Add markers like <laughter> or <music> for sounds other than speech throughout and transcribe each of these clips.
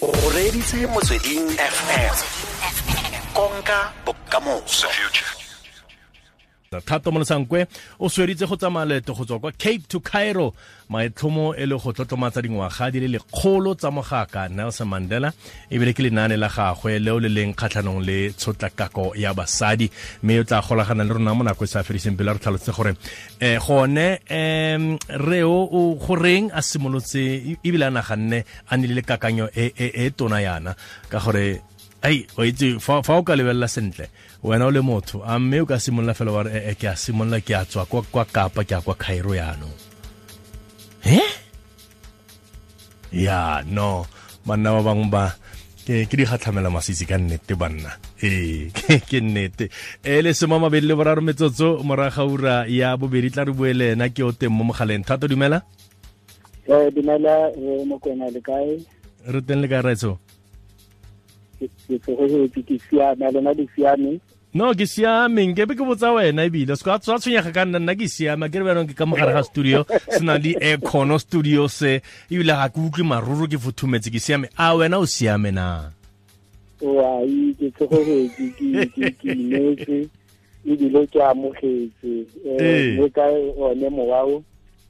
o reditse motsweding fm conca bocamos thato molesankwe o sweditse go tsamaya leeto go tswa kwa cape to cairo maitlhomo e le go tlotlomatsa dingwaga di le lekgolo tsa mogaka nelson mandela ebile ke lenaane la gagwe leo le leng kgatlhanong le tshotlakako ya basadi mme o tla golagana le rona mo nako e sa fediseng pele re tlhalotse gore um gone um reo o goreng a simolotse ebile a naganne a le le kakanyo e, e, e tona yana ka gore ai o itse fa o ka lebelela sentle wena o le motho a mme o ka simolola fela wa re e ke a simolola ke a tswa kwa kapa ke a kwa khairo yano e ya no banna ba bangwe ba ke ke di gatlhamela masisi ka nnete banna ee <laughs> ke nnete e le somo mabedi le boraro metsotso moraga ura ya bobedi tla re buele le ena ke o teng mo mogaleng thato dumela eh, dumela mokwena le kae re teng le kae raitso ke siame le no ke siameng ke be ke botsa wena ebile se ka tshwenyega ka nna nna ke siame ke re no ke ka mogare ga studio se na le econo studio se ebile ga ke utlwe maruru ke futhumetse ke siame a wena o siame na oai ke tshogoretse ke imetse ebile ke amogetse um ka one mowao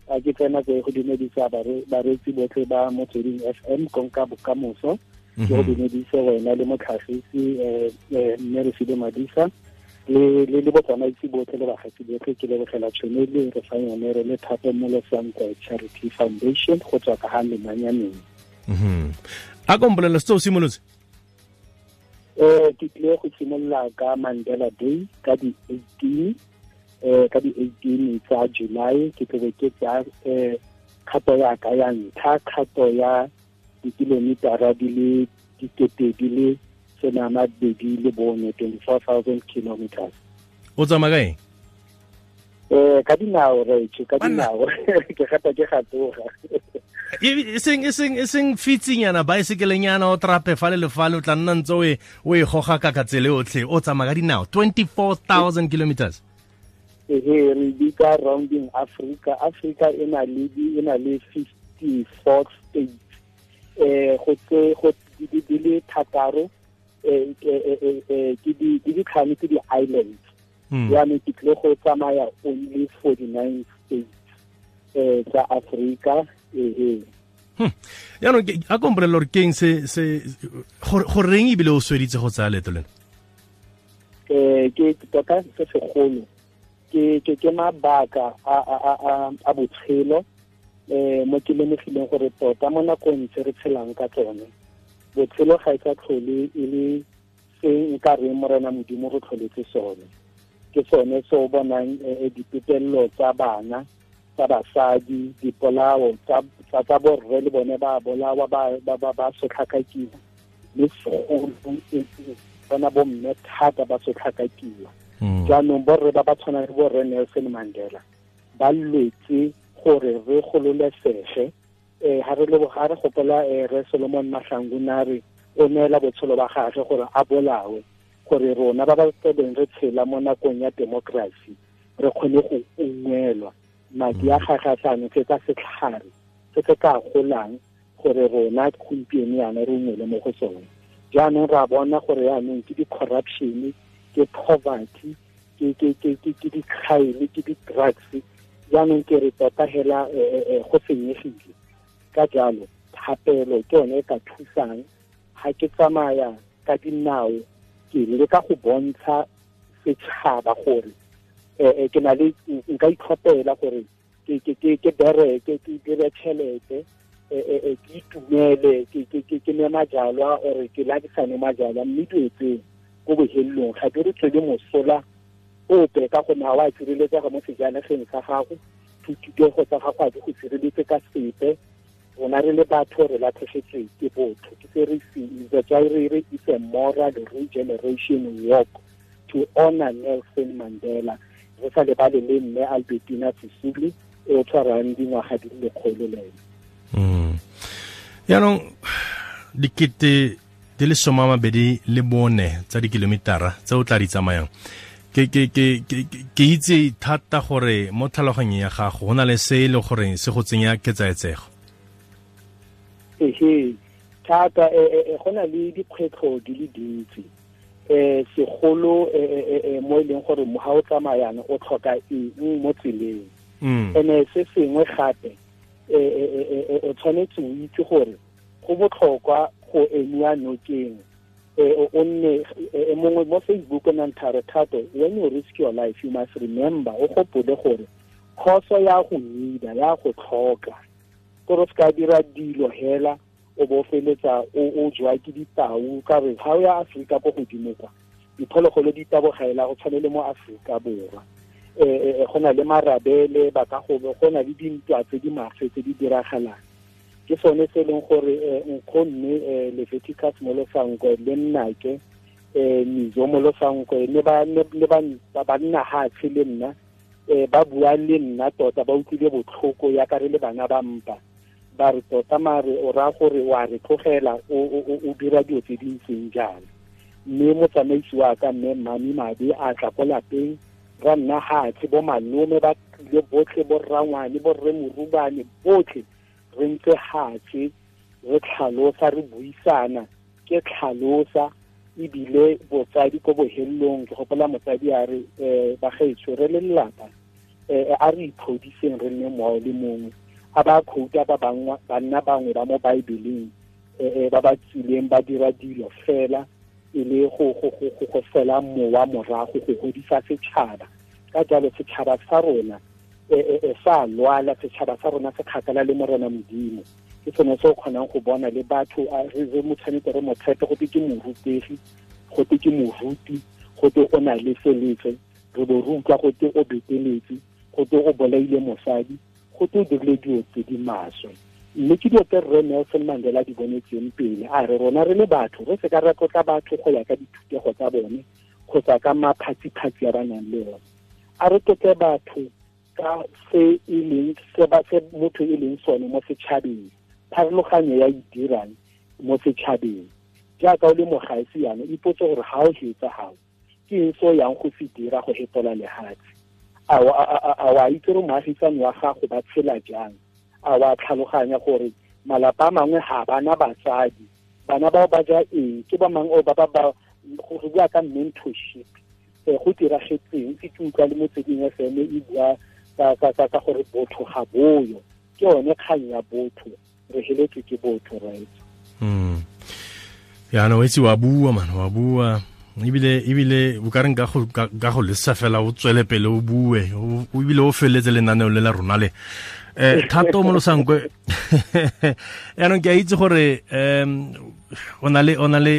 a ke tsena go go dumedisa baretsi botlhe ba motsweding f m konka bokamoso ke go mhm. dumedise wena le motlhagisi um mme re sile madisa le le botsamaisi botlhe le bagatsi botlhe ke lebogela tshone le re fa yone re le thapo mo lesanka charity foundation go tswa ka ga lemanyaneng mhm. a kompolelo setse o simolotse um ke tlile go simolola ka mandela day ka di-eighteen um ka di-eighteen tsa july ke tlobe ke tsa um kgato ya ka ya ntlha kgato ya dikilomitara di le dikete di le senana le bone twenty kilometers o tsamaya kae um eh, ka dinao retšhe ka dinao <laughs> ke gata ke gatoga eseng e eseng e fitsinyana baesekelenyana o trape fa le lefale o tla nna ntse o e, e goga kaka tsele otlhe o tsamaya ka dinao twenty four thousand kilometers ehe re bitsa rounding africa africa e na le fifty states eh go tse go di le thataro eh eh, eh, eh di di khane di islands hmm. ya me ke tle go tsamaya only 49 states eh tsa Africa eh eh hmm. yaanong a kompolelela gore keng se se go reng ebile o sweditse go tsaya leeto lena um ke tota se segolo ke ke mabaka a botshelo eh mo ke lemegileng gore tota mo nakong tse re tshelang ka tsone botshelo ga e sa tlhole e le se nka mo rena modimo go tlholetse sone ke sone se o bonang di eh, dipepelelo tsa bana tsa basadi dipolao tsa tsa borre le bone ba bolawa ba ba ba, ba sotlhakakiwa le o e, e, bona bomme thata ba sotlhakakiwa hmm. jaanong borre ba ba tshwana le borre nelson mandela ba lwetse gore re gololesege um eh, ga re leboga re gopola um re solomon mahlanguna re o neela botshelo ba gagwe gore a bolawe gore rona ba ba tsebeng re tshela mo nakong ya democracy re kgone go ungwelwa madi a gagatlane tse tsa setlhare se se ka golang gore rona gompieno yana re ungwele mo go tsone jaanong ra bona gore yaanong ke di-corruption ke poverty ke di-crime ke di-drugs jaanong ke re tota fela eh, eh, eh, go senyegile ka jalo thapelo ke yone e ka thusang ga ke tsamaya ka dinao ke leka go bontsha setšhaba gore um ke na le nka itlhopela gore ke bereke ke dire tšhelete ke itumele ke ne majalwa ore ke ladisane majalwa mme dilo tseo ko bohelelong ga di re tswele mosola ope ka gonne ga o a sireletsega mo sejanageng sa gago thutitogo tsa gago a di go sireletse ka sepe rona re le batho re latlhegetswe ke botho ke se re setswa re re is a moral regeneration work to honor nelson mandela re sa lebale le mme albertina sisuli e o tshwarang dingwaga di le lekgolo le hmm. yaanong dikete di le somamabedi le bone tsa dikilometara tse o tla di tsamayang ke ke ke ke itse thata gore mo tlhaloganyong ya gago go na le se e le gore se go tsenya ketsaetsego ehe thata e, e, e go na le dikgwetlho di le dintsi um segolo mo e leng gore ga o tsamayana o tlhoka eng mo tseleng mm. ene se sengwe gape o tshwanetse o itse gore go botlhokwa go emiwa nokeng o nne e, e mongwe mo facebook o nang thare thato when you risk your life you must remember o gopole gore khoso ya go nida ya go tlhoka gore se ka dira dilo hela o bo feletsa o jwa ke ditau ka re ga o ya aforika ko godimo kwa diphologolo di tabogaela go tshwane le mo aforika borwa um go na le marabele ba ka gobe go na le dintwa tse di maswe tse di diragalang ke sone se leng gore eh, nkgonne um leviticus molosankwe le nnake um mizo molosankwe ba nna gatshe le nna um ba bua le nna tota ba utlwile botlhoko yaka re le bana ba mpa ba re tota mare o raya gore wa re tlogela o dira dilo tse dintseng jalo mme motsamaisi wa ka mme mami madi a tla ko lapeng ra nna gatshe bo malome ba tlile botlhe bo rrangwane bo rremorubane botlhe re ntse hatshe re tlhalosa re buisana ke tlhalosa ebile botsadi ko bohelelong ke gopola motsadi a re um eh, bagaetsho re le lelapa um a re iphodiseng re nne moao le mongwe a ba kgouta ba banna bangwe ba mo baebeleng um eh, ba ba tsileng ba dira dilo fela e le go fela mowa morago go godisa setšhaba ka jalo setšhaba sa rona sa e, e, e, lwala setšhaba sa rona se kgakala le morena modimo ke sone se o kgonang go bona le batho re motshwanetse re motshepe gote ke morutegi gote ke moruti gote o na le seletse re bo re utlwa gote o beteletse gote o bolaile mosadi gote o dirile dilo tse di maswe mme ke dilo tse rre nelson mandela di bonetseng pele a re rona re le batho re se ka ra tlotla batho go ya ka dithutego tsa bone kgotsa ka maphatsiphatsi a ba nang le one a re tlotle batho ka se e leng se ba se motho e leng sone mo setšhabeng pharologanyo ya e dirang mo setšhabeng jaaka o le mogaisi yana ipotse gore ga o hetsa gago ke eng se yang go se dira go epola lehatshe a wa itse re moagisane wa gago ba tshela jang a o a tlhaloganya gore malapa a mangwe ga bana batsadi bana bao ba ja eng ke ba mangwe o ba ba go bua ka mentorship e go diragetseng ke ke utlwa le motseding motsweding fm e, e bua ka gore botho ga boyo ke yone kgang ya botho re heletswe ke botho right mm no etsi wa bua man wa bua ibile ibile o ka reng ka go lesa fela o tswele pele o bue o ebile o feleletse lenaneo le la rona le eh thato mo losankwe <laughs> yaanong ke a itse gore um o na le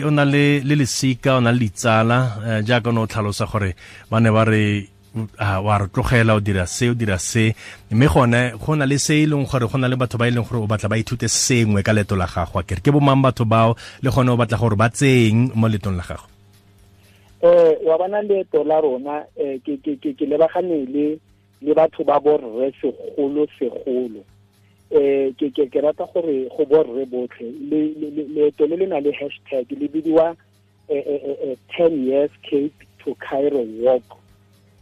le lesika o na le ditsala eh, jaaka o ne o tlhalosa gore ba ne ba re Ah, wa re tlogela o dira se o dira se mme gone go na le se e leng gore go na le batho ba e leng gore o batla ba ithute sengwe ka leto la gago a kere ke bomang batho bao le gone o batla gore ba tseng mo letong la gago eh wa bana leto la rona eh, ke ke ke ke lebagane le batho ba borre segolo segolo eh ke ke ke rata gore go borre botlhe leeto le le na le hashtag le bidiwa 10 eh, eh, years cape to cairo walk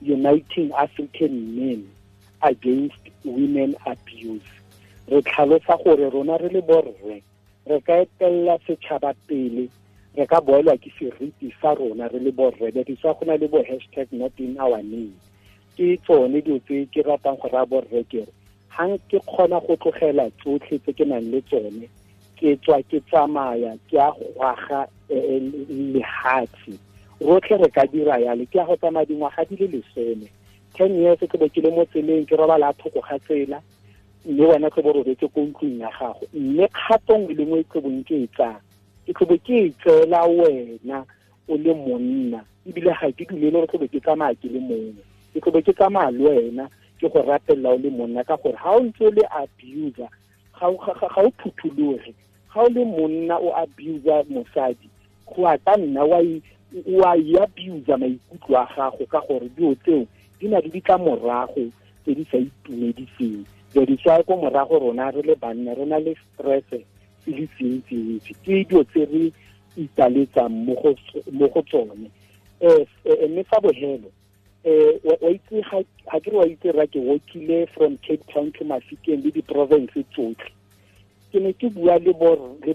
uniting african men against women abuse re tlhalosa gore rona re le borre re ka etelela setšhaba pele re ka boelwa ke seriti sa rona re le borre beriswa go na le bo hashtag not in our name ke tsone dilo tse ke ratang gore a borre kere ga ke kgona go tlogela tsotlhe tse ke nang le tsone ke tswa ke tsamaya ke a gwaga e, e, e, lehatshe rotlhe re ka dira yale ke ya go tsamaya dingwaga di le lesome ten years ke bo ke le mo tseleng ke robala a thoko ga tsela mme wena ke bo robetse ko ntlong ya gago mme kgatong e lengwe e bong ke e tsang ke tlhobo ke e tseela wena o le monna ebile ga ke dumele re tlhobo ke tsamaya ke le mongwe ke tlhobo ke tsamaya le wena ke go rapelela o le monna ka gore ga o ntse o le abuser ga o phuthuloge ga o le monna o abuser mosadi go a ka nna wa abuse maikutlo a gago ka gore dilo tseo di na le morago tse di sa itumediseng diriswa ko morago rona re le banna re na le stress se e le sentsintsi ke dilo tse re italetsang mo go tsone eh, mme sa bohelo eh, ga ke re wa itse ra ke wokile from cape town to mafikeng le di-province tsotlhe ke ne ke bua le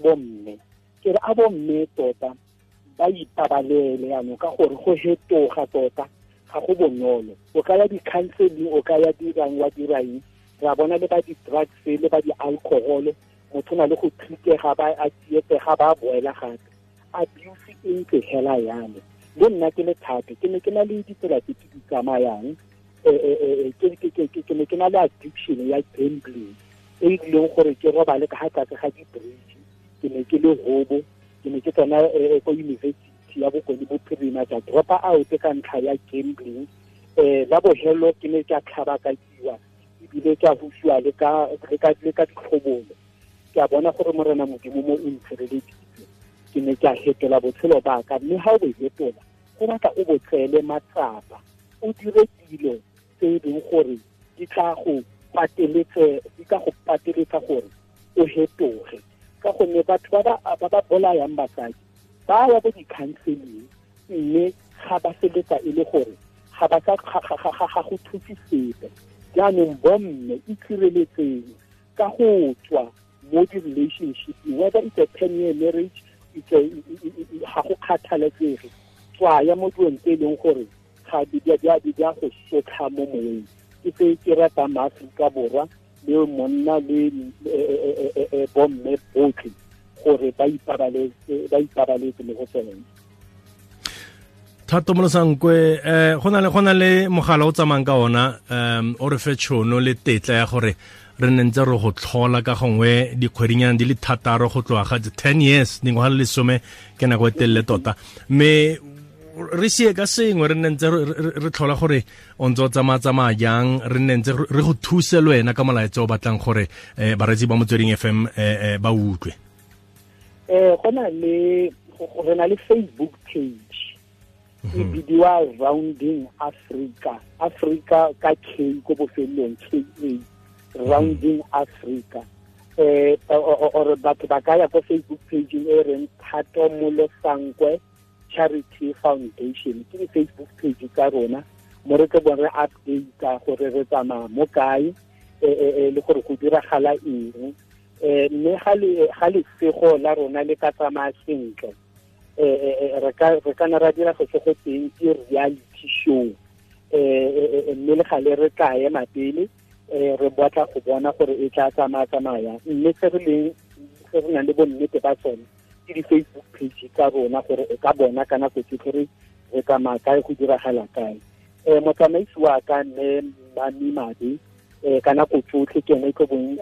bomme ke re a bomme tota ba ipabalele yanong ka gore go fetoga tota ga go bonolo o ka ya di-counseling o ka ya dirang wa dirang ra bona le ba di-drugs le ba di-alcohol motho na le go treatega ba a dietega ba boela gape abuse e ntse fela yalo le nna ke le thate ke ne ke na le ditsela tse ke di tsamayang e, e, e, ke ne ke na le addiction ya gambling e e dileng gore ke robale ka ga tlase ga di-bridge ke ne ke le hobo ke ne ke tsena eh, eh, ko university ya bokone bophirima ka dropa out ka ntlha ya gambling um la bogelo ke ne ka tlhabakakiwa ebile ka busiwa le ka ditlhobolo ke a bona gore morena modimo mo o ntshireleditse ke ne ke a fetola botshelo baka mme ga o bo e fetola go batla o bo tseele matsapa o dire dilo tse e leng gore di tla go pateletsa gore o fetoge ka gonne batho ba ba bolayang basadi ba ya bo di-counseling mme ga ba seletsa e le gore ga ba ka ga go thuse sepe jaanong bomme itshireletseng ka go tswa mo di-relationship whether it's a ten year marriage ga go kgathaletsege tswaya mo dilong tse e leng gore ga di a go sotlha mo moyeng ke se ke rata maaforika borwa le monna le e, e, e, bomme botlhe gore ba ipabaletse eh, le go tsena thato molosankwe um go na le mogala o tsamayang ka ona um o re fe tšhono le tetla ya gore re ne ntse re go tlhola ka gongwe dikgwedinyana di le thataro go tloga ga ten years dingwaga le lesome ke nako e telele tota mme re sie ka sengwe re nne ntse re tlhola gore o ntse o tsamaya-tsamaya jang re nne ntse re go thuse le wena ka molaetsa o batlang gore um bareetsi ba motsweding fm um eh, eh, ba utlwe um go na le re na le facebook page e mhm. bidiwa rounding africa africa ka k ko bofelelong ka rounding africa um or batho ba ka ya ko facebook pageng e reng thato molesankwe charity foundation ke di-facebook page tsa rona mo re ke bone re updata gore re tsamaya mo kae e, e, e, le gore go diragala eng mme ga lesego la rona le ka tsamaya sentle re ka na ra dira sesego go teng ke reality show um mme le gale re tla mapele um re batla go bona gore e tla tsamaya tsamaya mme se re leng se re nang le bonnete ba sone ke di-facebook page ka rona gore o ka bona ka nako tsotlhe re re tsamaya kae go diragala kae um motsamaisi wa ka nne madi um eh, ka nako tsotlhe ke ene ke bong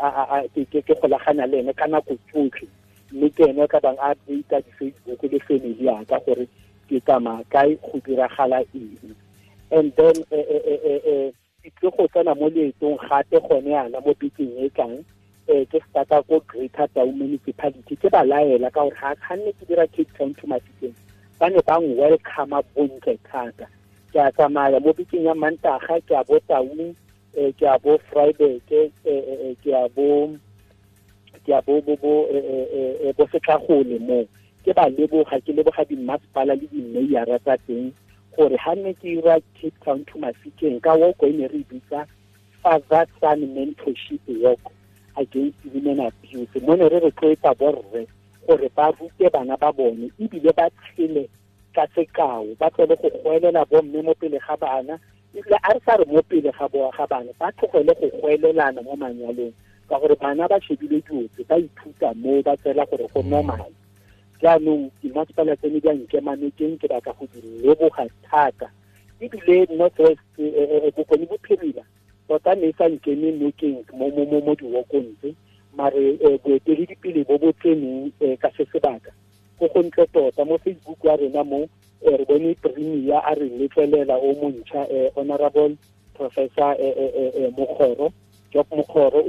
ke golagana le ene ka nako tsotlhe mme ke ene ka bang updata di-facebook le family ka gore ke tsamaya kae go diragala eng and then eh, ke tle go tsena mo leetong gape gone yana mo bekeng e tlang eh ke stata ko greater tau municipality ke ba laela ka gore ga nne ke dira cape town to mafikeng ba ne bang welcome bontle thata ke a tsamaya mo bekeng ya mantaga ke a bo taung um eh, ke a bo friberke eh, eh, ke a bo ke a bo bo bo bo setlagole moo ke ba leboga ke leboga di dimmasepala le dimeiara tsa teng gore ha nne ke dira cape town to mafikeng ka woko e ne re e bitsa father son mentorship work against women abuse mone re rotloetsa borre gore ba rute bana ba bone ebile ba tshele ka sekao ba tlele go goelela bomme mo pele ga bana ebile a re sa re mo pele ga boa ga bana ba tlogele go goelelana mo manyalong ka gore bana ba shebile diotse ba ithuta mo ba tsela gore go normal jaanong dimasepala tsene di a nkemanekeng ke batla go di leboga thata ebile north west bokone e, e, bophirima tota ne sa nkeme nokeng mo diwokong tse mare boeteledipele eh, bo bo tseneng um eh, ka se sebaka go go ntle tota mo facebook wa rena mo eh, re bone premier a re letlelela o montšha um honorable professor mogoro job mogoro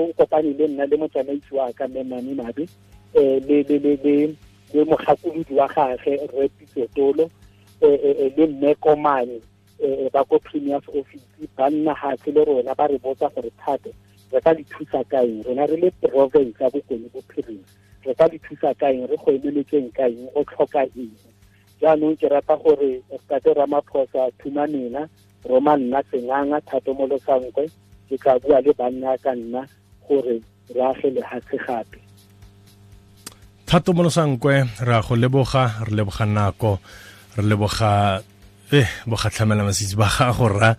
o kopane le nna le motsamaisi wa ka memane mabe um le mogakolodi wa gage re pitsetolo le mmekomane Eh, ba ko premiers office ba nna hatshe le rona ba re botsa gore thate re ka le thusa kaeng rona re le province ya bokone bophirima re ka le thusa kaeng re go emeletseng kaeng o tlhoka eng jaanong ke rata gore state ramaphosa thumanena roma nna senganga thato mo losankwe ke tla bua le banna ka nna gore re age lehatshe gape thato mo losankwe re a go leboga re leboga nako re leboga e eh, bogatlhamela masitsi ba gago rra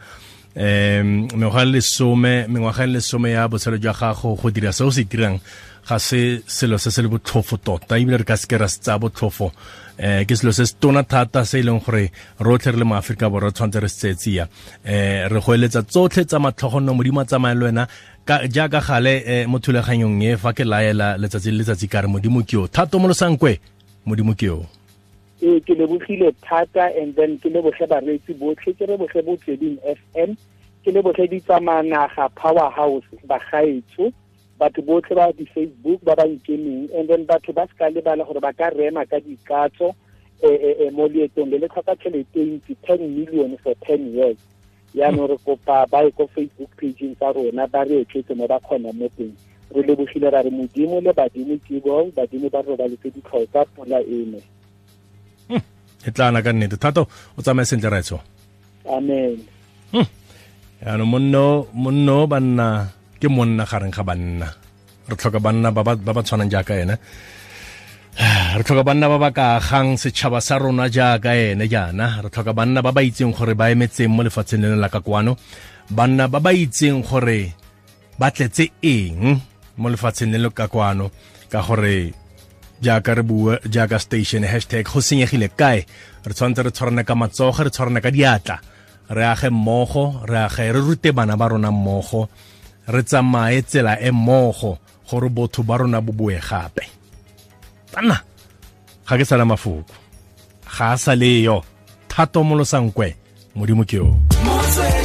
um mengwaga le lesome ya botshelo jwa gago go dira se o se dirang ga se selo se se le botlhofo tota ebile re ka seke ra se tsaya botlhofo um ke selo se se tona thata se e leng gore rotlhe re le maaforika borwa tshwanetse re se tseetsia um eh, re go eletsa tsotlhe tsa matlhogonno modimo a tsamayang le wena jaaka gale mo thulaganyong e fa ke laela letsatsi le letsatsi ka re modimo ke yo thato molosankwe modimo ke yo ee ke lebogile thata and then ke leboge bareetsi botlhe ke leboge botsweding f m ke leboge ditsamanaga power house bagaetso batho botlhe ba di-facebook ba bankemeng and then batho ba seka lebala gore ba ka rema ka dikatso um mo leetong le le tlhoka tšhelete e ntsi ten million for ten years yaanong re kopa ba ye ko facebook pageng tsa rona ba re etletse mo ba kgonang mo teng re lebogile ra re modimo le badimo ke bo badimo ba re robaletse tsa pula eno e tlana ka nnete thata o tsamaye sentle raitso e amen hmm. yaanong monno monno banna ke monna gareng ga banna re tlhoka banna ba ba tshwanang jaaka ene <sighs> re tlhoka banna ba ba ka gang setšhaba sa rona jaaka ene jaana re tlhoka banna ba ba itseng gore ba emetseng mo lefatsheng le la ka kwano banna ba ba itseng gore ba tletse eng mo lefatsheng le le ka kwano ka gore jaaka re bua jaaka station hashtag go senyegile kae re tshwanetse re tshwarane ka matsogo re tshwarane ka diatla re age mmogo re age re rute bana ba rona mmogo re tsamaye tsela e mmogo gore botho ba rona bo boe gape tana ga ke sala mafoko ga a sa leyo thato molosangkwe modimo ke yo